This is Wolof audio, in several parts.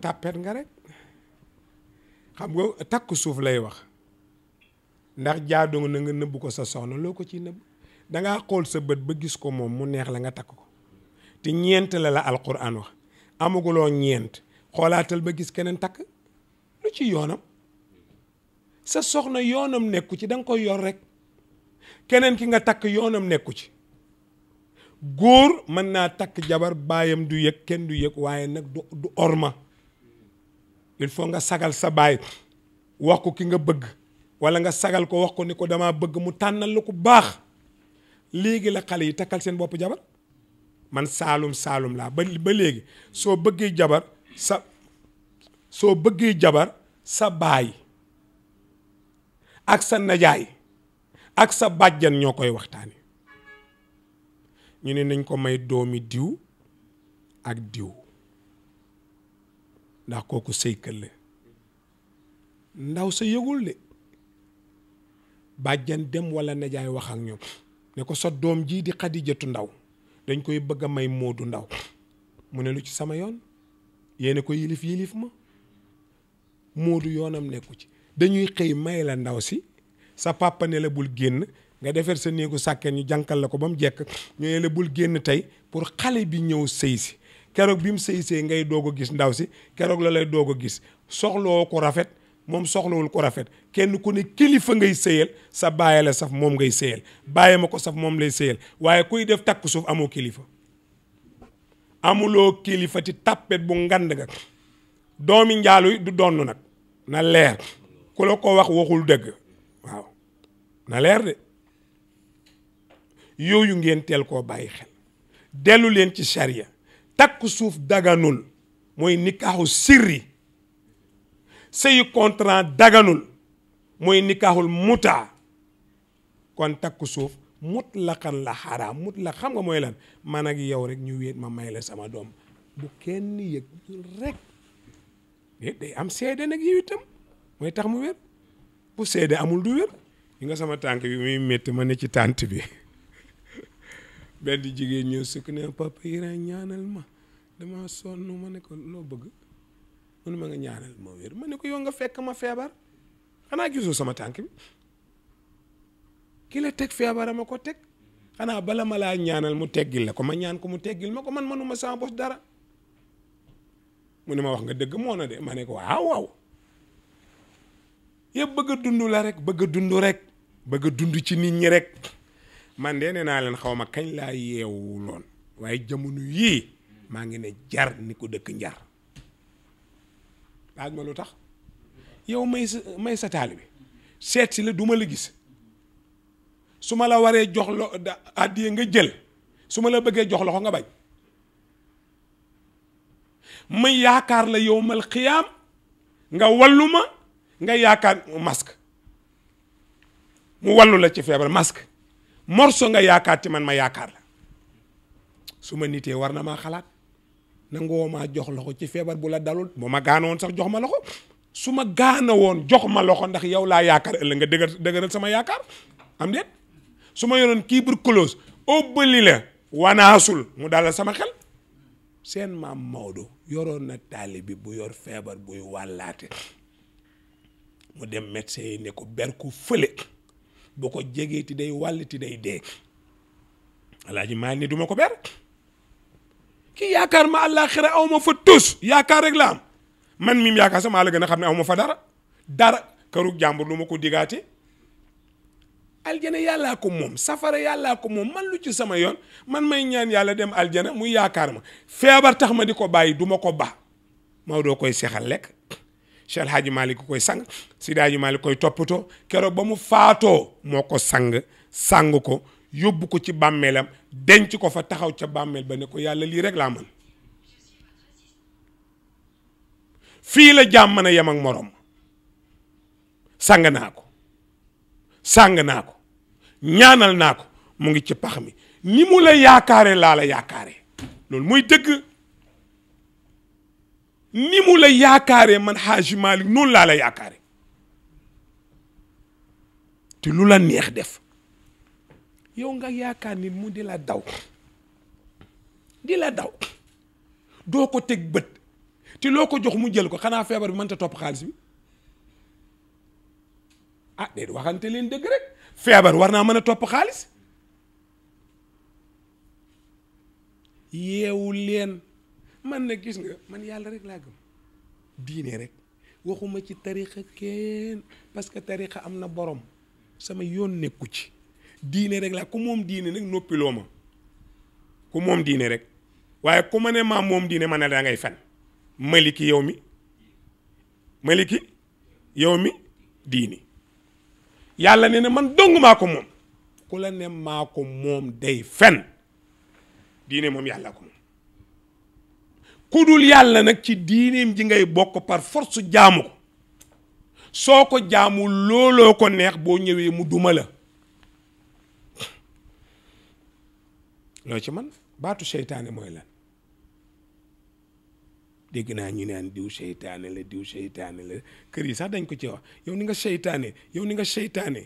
tàppet nga rek xam nga takk suuf lay wax ndax jaadoo na nga nëbb ko sa soxna loo ko ci nëbb danga xool sa bët ba gis ko moom mu neex la nga takk ko te ñeent la la alquran wax amaguloo ñeent xoolaatal ba gis keneen takk lu ci yoonam sa soxna yoonam nekku ci danga nga koy yor rek keneen ki nga takk yoonam nekku ci góor mën naa takk jabar baayam du yëg kenn du yëg waaye nag du du orma il faut nga sagal sa baay wax ko ki nga bëgg walla nga sagal ko wax ko ni ko damaa bëgg mu tànnal la ku baax léegi la xale yi takkal seen bopp jabar man saalum saalum laa ba ba léegi soo bëggee jabar sa soo bëggee jabar sa baay ak sa najaay ak sa bàjjan ñoo koy waxtaane ñu ne nañ ko may doomi diw ak diw ndax kooku sëy këlle ndaw sa yëgul de bàjjan dem wala najaay wax ak ñoom ne ko sa doom jii di xadijatu ndaw dañ koy bëgg a may moodu ndaw mu ne lu ci sama yoon yéene ko yilif yilif ma moodu yoonam nekku ci dañuy xëy may la ndaw si sa papa la bul génn nga defar sa néegu sàkkeen ñu jànkal la ko ba mu jekk ñooy la bul génn tey pour xale bi ñëw sëy si keroog bi mu sëy ngay doog a gis ndaw si keroog la lay doog a gis soxloo ko rafet moom soxlawul ko rafet kenn ku ne kilifa ngay sëyal sa bàyyi la saf moom ngay sëyal bàyyi ma ko saf moom lay sëyal waaye kuy def takk suuf amoo kilifa amuloo kilifa ci tàppet bu ngand nga doomi njaaluy du donn nag na leer ku la ko wax waxul dëgg waaw na leer de yooyu ngeen teel koo bàyyi xel dellu leen ci sariya takk suuf daganul mooy nikaaxu sirri sëyu contrat daganul mooy nikaaxul muta kon takku suuf mutlaqan la mut la xam nga mooy lan man ak yow rek ñu wéet ma may la sama doom bu kenn yëg rek day am seede nag yow itam mooy tax mu wér bu seede amul du wér yi nga sama tànk bi muy metti ma ne ci tànt bi benn jigéen ñëw sukk ne papa Iran ñaanal ma dama sonn ma ne ko loo bëgg mu ne ma nga ñaanal ma wér ma ne ko yow nga fekk ma feebar xanaa gisoo sama tànk bi ki teg feebara ma ko teg xanaa bala ma laa ñaanal mu teggil la ko ma ñaan ko mu teggil ma ko man manuma sama bos dara mu ne ma wax nga dëgg moo na de ma ne ko waaw waaw yëpp bëgg dundu la rek bëgg dundu rek bëgg a dund ci nit ñi rek man de nee naa leen xaw ma kañ laa yeewu loon waaye jamono yii maa ngi ne jar ni ko dëkk njar laaj ma lu tax yow may sa may sa taalibe seet si la du la gis su ma la waree jox lo nga jël su ma la bëggee jox loxo nga bañ may yaakaar la yow mal xiyaam nga wallu ma nga yaakaar masque mu wallu la ci feebar masque morso nga yaakaar ci man ma yaakaar la su ma nitee war na maa xalaat nangoo maa jox loxo ci feebar bu la dalul bu ma gaana woon sax jox ma loxo su ma gaana woon jox ma loxo ndax yow laa yaakaar ëllëg nga dëgër dëgëral sama yaakaar am déet su ma yoroon tuberculose óbbali la wanaasul mu dalal sama xel seen maam Maodo yoroon na taalibe bi bu yor feebar buy wàllaate mu dem médecin yi ne ko ber ko fële bu ko jegee ti day wàll ti day dee alaaji maalik ni duma ko ber ki yaakaar ma àllaaxira aw ma fa tus yaakaar rek laa am man mim yaakaar sama la gën a xam ne aw ma fa dara dara këru jàmbur lu ma ko digaate aljana yàllaa ko moom safara yàllaa ko moom man lu ci sama yoon man may ñaan yàlla dem aljana muy yaakaar ma feebar tax ma di ko bàyyi du ma ko ba Maodo koy seexal lekk Cheikh El Hadj koy sang Seydi Hadj Malick koy toppatoo keroog ba mu faatoo moo ko sang sang ko yóbbu ko ci bàmmeelam denc ko fa taxaw ca bàmmeel ba ne ko yàlla lii rek laa mën fii la jaam mën a yem ak moroom sang naa ko sang naa ko ñaanal naa ko mu ngi ci pax mi ni la yaakaare laa la yaakaare loolu muy dëgg ni mu la yaakaaree man Xaaji Malick noonu laa la yaakaare te lu la neex def yow nga yaakaar ni mu di la daw di la daw doo ko teg bët te loo ko jox mu jël ko xanaa feebar bi ta topp xaalis bi ah déedéet waxante leen dëgg rek feebar war naa mën a topp xaalis yeewu leen man nag gis nga man yàlla rek laa gëm diine rek waxuma ci tarixa kenn parce que tarixa am na borom sama yoon nekku ci diine rek laa ku moom diine nag noppiloo ma ku moom diine rek waaye ku ma ne maa moom diine ma ne da ngay fen maliki yow mi maliki yow mi diini yàlla ne na man dong maa ko moom ku la ne maa ko moom day fen diine moom yàlla ko moom ku yàlla nag ci diineem ji ngay bokk par force jaamu ko soo ko jaamu looloo ko neex boo ñëwee mu duma la loo ci man baatu seytaane mooy la dégg naa ñu naan diw seytaane la diw seytaane la kër yi sax dañ ko ci wax yow ni nga seytaane yow ni nga seytaane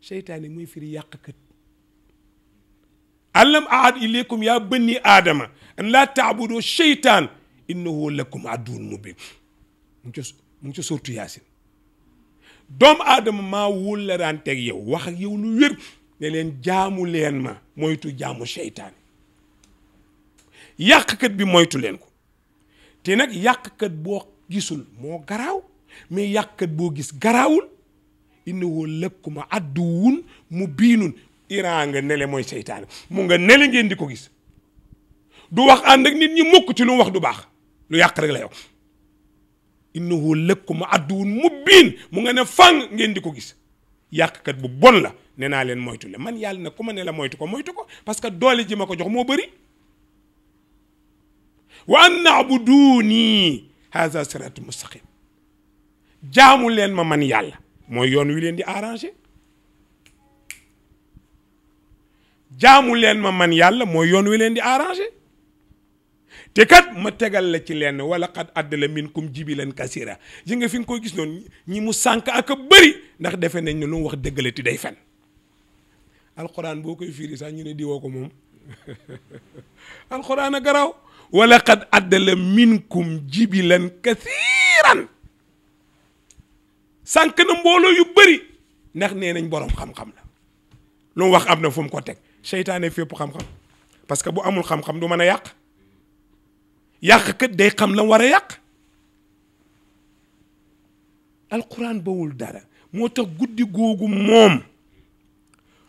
seytaane muy firi yàqkat alam ahad ilaykum ya bani aadama an laa taabudu cheytaan innahu lakum aduwwun mubin mu ngi mu ngi sortu yaasin doomu aadama maa wóol la daan teg yow wax ak yow lu wér ne leen jaamu leen ma moytu jaamu cheytaan yàqkat bi moytu leen ko te nag yàqkat boo gisul moo garaaw mais yàqkat boo gis garaawul innahu lakum aduwwun mubiinun Iran nga nele mooy seytaane mu nga nele ngeen di ko gis du wax ànd ak nit ñi mukk ci lu mu wax du baax lu yàq rek la yow innahu lakum aduwwun mubiin mu nga ne fang ngeen di ko gis yàqkat bu bon la nee naa leen moytu la man yàlla na ku la moytu ko moytu ko parce que doole ji ma ko jox moo bëri wa an naabuduuni haza siraatu mustaqim jaamu leen ma man yàlla mooy yoon wi leen di arrangé jaamu leen ma man yàlla mooy yoon wi leen di arrangé te kat ma tegal la ci lenn wala xat àddala minkum jibilan kasira yi nga fi nga koy gis noonu ñi mu sànk ak a bëri ndax defe nañ ne lu mu wax dëggale ti day fen alxuraan boo koy firi sax ñu ne di woo ko moom alxuraan a garaaw wala xat àddala minkum jibilan kasiran sànk na mbooloo yu bëri ndax nee nañ boroom xam-xam la lu mu wax am na fu mu ko teg seytaane fépp xam-xam parce que bu amul xam-xam du mën a yàq yàq kat day xam la war a yàq alquran bawul dara moo tax guddi googu moom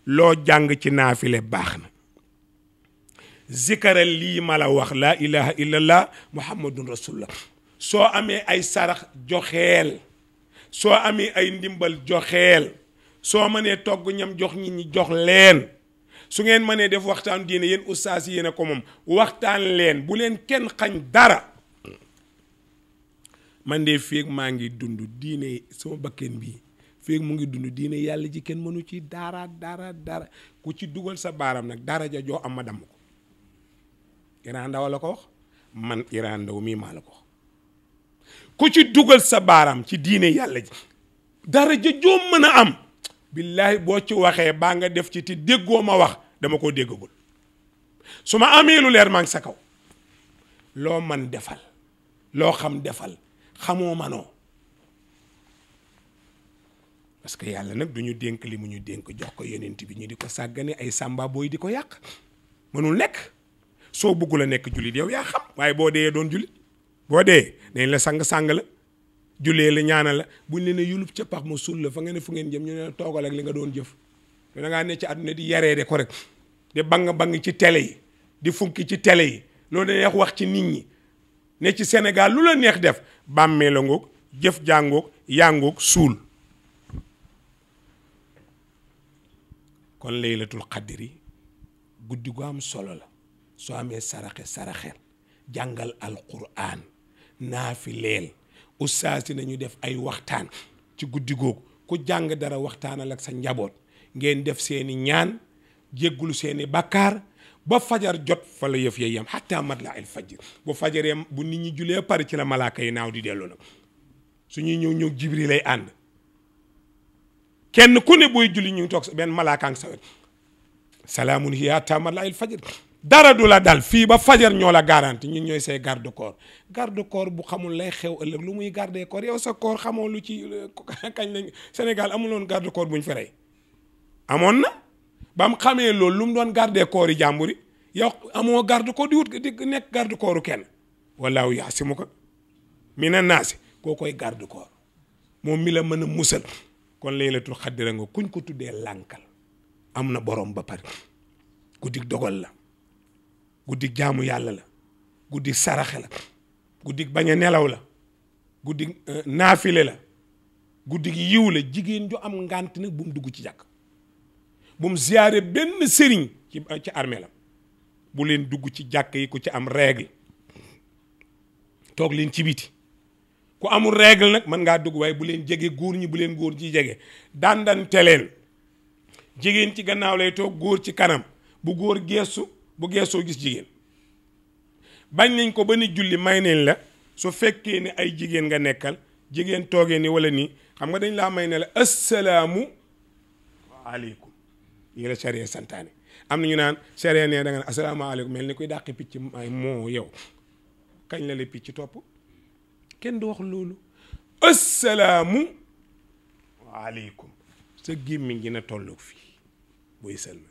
loo jàng ci naafile baax na zikaral lii ma la wax laa ilaha illallah muhammadun rasulullah soo amee ay sarax joxeel soo amee ay ndimbal joxeel soo mënee togg ñam jox nit ñi jox leen su ngeen mënee def waxtaan diine yéen ustaas yi yéen ko moom waxtaan leen bu leen kenn xañ dara man de feeg maa ngi dund diine sama bakken bii feeg mu ngi dund diine yàlla ji kenn mënu ci dara dara dara ku ci dugal sa baaram nag dara ja joo ko man Iran Ndaw mii ko ku ci dugal sa ci diine yàlla ji dara ja joo mën a am billaahi boo ci waxee baa nga def ci te déggoo ma wax dama koo déggagul su ma amee lu leer maa ngi sa kaw loo man defal loo xam defal xamoo manoo parce que yàlla nag du ñu dénk li mu ñu dénk jox ko yenent bi ñu di ko sàggane ay sàmba booy di ko yàq mënul nekk soo bëggul la nekk jullit yow yaa xam waaye boo dee doon jullit boo dee dañ la sang-sang la jullee la ñaana la buñ leen a yulub ca pax ma sul la fa ngeen ne fu ngeen jëm ñu ne la toogal ak li nga doon jëf da ne ci àdduna di yaree de ko rek di bang bang ci télé yi di funki ci télé yi loolu neex wax ci nit ñi ne ci Sénégal lu la neex def bàmmee ngoog jëf jàngoog yàngoog suul kon laylatul xadiri guddi gu am solo la soo amee saraxe saraxel jàngal alquran naafi leel ustaas yi nañu def ay waxtaan ci guddi googu ku jàng dara waxtaanal ak sa njaboot ngeen def seeni ñaan jéggulu seeni bàkkaar ba fajar jot fa la yëf yey yam xatta mat la al fajr bu fajaree bu nit ñi julee pare ci la malaaka yi naaw di delloo la suñuy ñëw ñëw jibri lay ànd kenn ku ne booy julli ñu ngi toog benn malaaka ngi sa wet salaamun hiya xatta mat la al fajr dara du la dal fii ba fajar ñoo la garanti ñu ñooy say garde corps garde corps bu xamul lay xew ëllëg lu muy garde corps yow sa corps xamoo lu ci euh, kañ lañ senegal amuloon garde corps buñ amoon na ba mu xamee loolu lu mu doon garde koor yi jàmbur yi yow amoo garde ko di wut di nekk garde kooru kenn wallaahu yaasimu ko mi na naasi koo koy garde koor moom mi la mën a musal kon laylatul xaddira nga kuñ ko tuddee lànkal am na borom ba pare guddik dogal la guddi jaamu yàlla la guddi saraxe la guddik bañ a nelaw la guddik euh, naafile la guddi yiw la jigéen ju am ngant nag bu mu dugg ci jàkk bu mu ziyaare benn sëriñ ci ci armeelam bu leen dugg ci jàkk yi ku ci am règle toog leen ci biti ku amul règle nag mën ngaa dugg waaye bu leen jege góor ñi bu leen góor ci jege dàndante leen jigéen ci gannaaw lay toog góor ci kanam bu góor geesu bu geesoo gis jigéen bañ nañ ko ba ni julli may nañ la su fekkee ne ay jigéen nga nekkal jigéen toogee ni walla nii xam nga dañ laa may ne la assalaamu aleykum yi la charia am na ñu naan charia ne da nga ne asalaamaaleykum mel ni kuy dàqi picc ay moo yow kañ la la picc topp kenn du wax loolu asalaamu aleykum sa gémmiñ gi na tollu fii booy sëlma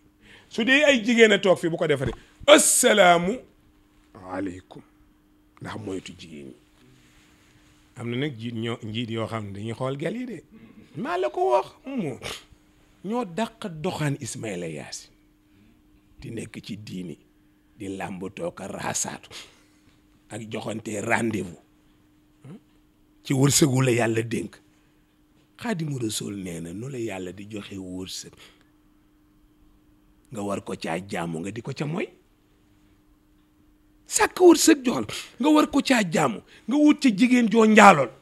su dee ay jigéen a toog fii bu ko defaree asalaamu aleykum ndax moytu jigéen ñi am na nag jiit ñoo njiit yoo xam ne dañuy xool gel yi de maa la ko wax moo ñoo dàq doxaan Ismaïla Yaasin di nekk ci diini di làmbatoo ko raasaatu ak joxante rendez-vous hmm? ci wërsëgu la yàlla dénk xaadimu rasul nee na nu la yàlla di joxe wërsëg nga war ko caa jàmm nga di ko ca moy sàkk wërsëg joxal nga war ko caa jàmm nga wut ci jigéen joo njaalool